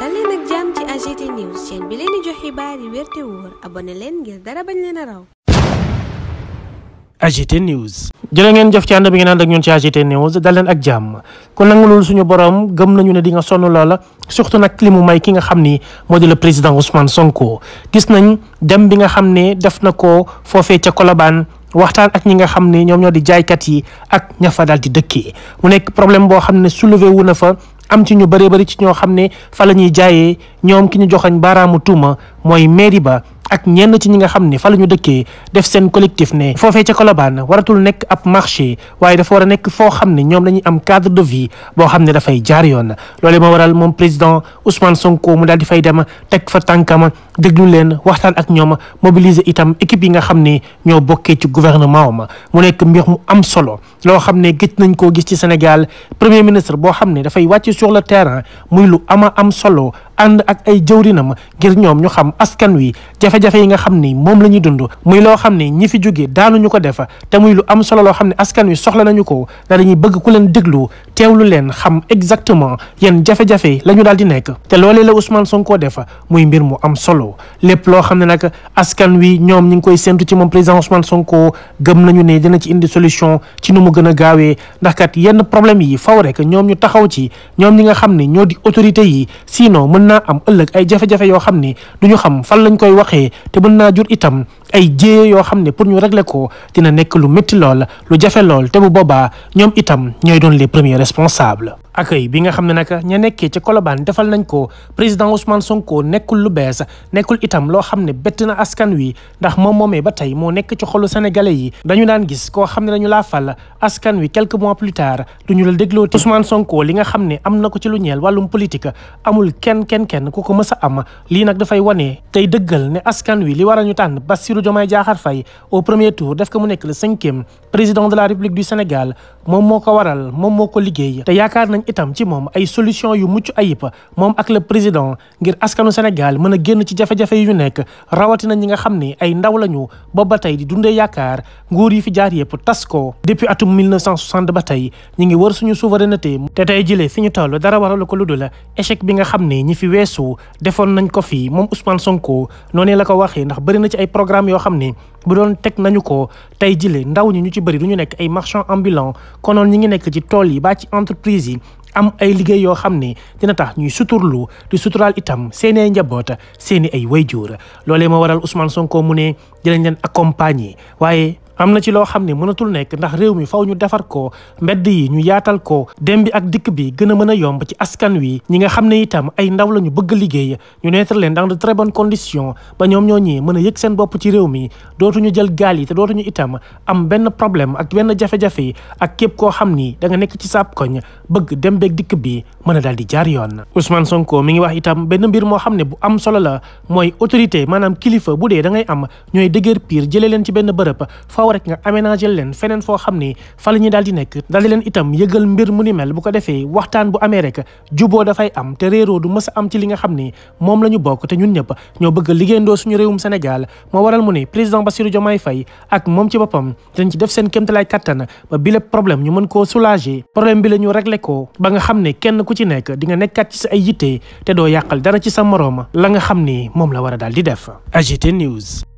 dal ak jàmm ci AGT news chaîne ngeen jëf ci ànd bi ngeen ànd ak ñun ci AGT news dalleen leen ak jàmm ku nangulul suñu boroom gëm nañu ne di nga sonn loola surtout nag li mu may ki nga xam ni moo di le président Ousmane Sonko gis nañ dem bi nga xam ne def na ko foofee ca Colobane. waxtaan ak ñi nga xam ne ñoom ñoo di jaaykat yi ak ña fa daal di dëkkee mu nekk problème boo xam ne soulevé wu na fa am ci ñu bëree bëri ci ñoo xam ne fa la ñuy jaayee ñoom ki ñu joxañ baaraamu tuuma mooy mairie ba ak ñenn ci ñi nga xam ni fa la ñu dëkkee def seen collectif ne foofee ca Colobane waratul nekk ab marché waaye dafa war a nekk foo xam ne ñoom dañuy am cadre de vie boo xam ne dafay jaar yoon loolee moo waral moom président Ousmane Sonko mu daal di fay teg fa tànkam déglu leen waxtaan ak ñoom mobiliser itam équipe yi nga xam ne ñoo bokkee ci gouvernement ma mu nekk mbir mu am solo loo xam ne gëj nañ koo gis ci Sénégal premier ministre boo xam ne dafay wàcc sur le terrain muy lu ama am solo ànd ak ay jëwrinam ngir ñoom ñu xam askan wi jafe-jafe yi nga xam ni moom la ñuy dund muy loo xam ni ñi fi jóge ñu ko def te muy lu am solo loo xam ne askan wi soxla nañu ko da dañuy bëgg ku leen déglu teewlu leen xam exactement yan jafe-jafe la daal di nekk te loolee la Ousmane Sonko defa muy mbir mu am solo lépp loo xam ne nag askan wi ñoom ñu ngi koy séntu ci moom président Ousmane Sonko gëm nañu ne dina ci indi solution ci nu mu gën a gaawee ndax kat yenn problème yi faw rek ñoom ñu taxaw ci ñoom ñi nga xam ne ñoo di autorité yi sinon mën naa am ëllëg ay jafe-jafe yoo xam ni du ñu xam fan lañ koy waxee te mën naa jur itam ay jéye yoo xam ne pour ñu régler ko dina nekk lu métti lool lu jafe lool te bu boobaa ñoom itam ñooy doon les premiers responsables. accueil bi nga xam ne nag ña nekkee ca Colobane defal nañ ko président Ousmane Sonko nekkul lu bees nekkul itam loo xam ne bett na askan wi ndax moom moomee ba tey moo nekk ci xolu sénégalais yi dañu daan gis koo xam ne dañu laa fal askan wi quelques mois plus tard du ñu la dégloo te Ousmane Sonko li nga xam ne am na ko ci lu ñeel wàllum politique kenn kenn kenn ku ko mës a am lii nag dafay wane Diomaye Diakhar Faye au premier tour def ko mu nekk le cinquième président de la République du Sénégal moom moo ko waral moom moo ko liggéey te yaakaar nañ itam ci moom ay solution yu mucc ayib moom ak le président ngir askanu Sénégal mën a génn ci jafe-jafe yu ñu nekk rawatina ñi nga xam ne ay ndaw lañu ba ba tey di dundee yaakaar nguur yi fi jaar yëpp tas ko depuis atum 1960 ba tey ñi ngi wër suñu souveraineté te tey jile fi ñu toll la ko waxee ndax yoo xam ni bu doon teg nañu ko tey jile ndaw ñi ñu ci bëri du ñu nekk ay marchand ambulant konoon ñi ngi nekk ci tool yi ba ci entreprise yi am ay liggéey yoo xam ni dina tax ñuy suturlu di suturaal itam seen ay njaboot seen i ay wayjuur loolee moo waral Ousmane Sonko mu ne dinañ leen accompagner waaye am na ci loo xam ne mënatul nekk ndax réew mi faw ñu defar ko mbedd yi ñu yaatal ko dem ak dikk bi gën a mën a yomb ci askan wi ñi nga xam ne itam ay ndaw la ñu bëgg liggéey ñu neetal leen dans de très bonnes conditions ñoom ñoo ñi mën a yëg seen bopp ci réew mi dootuñu jël gaal yi te dootuñu itam am benn problème ak benn jafe-jafe ak képp koo xam ni da nga nekk ci saab koñ bëgg dem beeg dikk bi mën a daal di jaar yoon Ousmane Sonko mi ngi wax itam benn mbir moo xam ne bu am solo la mooy autorité maanaam kilifa bu dee da ngay am ñooy dëgër piir jëlee leen ci benn bërëb faw rek nga leen feneen foo xam ne fa la ñuy daal di nekk daal di leen itam yëgal mbir mu ni mel bu ko defee waxtaan bu amee rek juboo dafay am te réeroo du mës a am ci li nga xam ni moom la ñu bokk te ñun ñëpp ñoo bëgg liggéeyandoo suñu réewum Sénégal moo waral mu ne président Bassirou Diomaye Faye ak moom ci boppam dañ ci def seen kéemtalaay kattan ba bile problème ñu mën koo soulager problème bi la ñu régler ko ba nga xam ne kenn ku ci nekk di nga nekkaat ci sa ay te doo yàqal dara ci sa moroom la nga xam ni moom la war a daal di def AGT News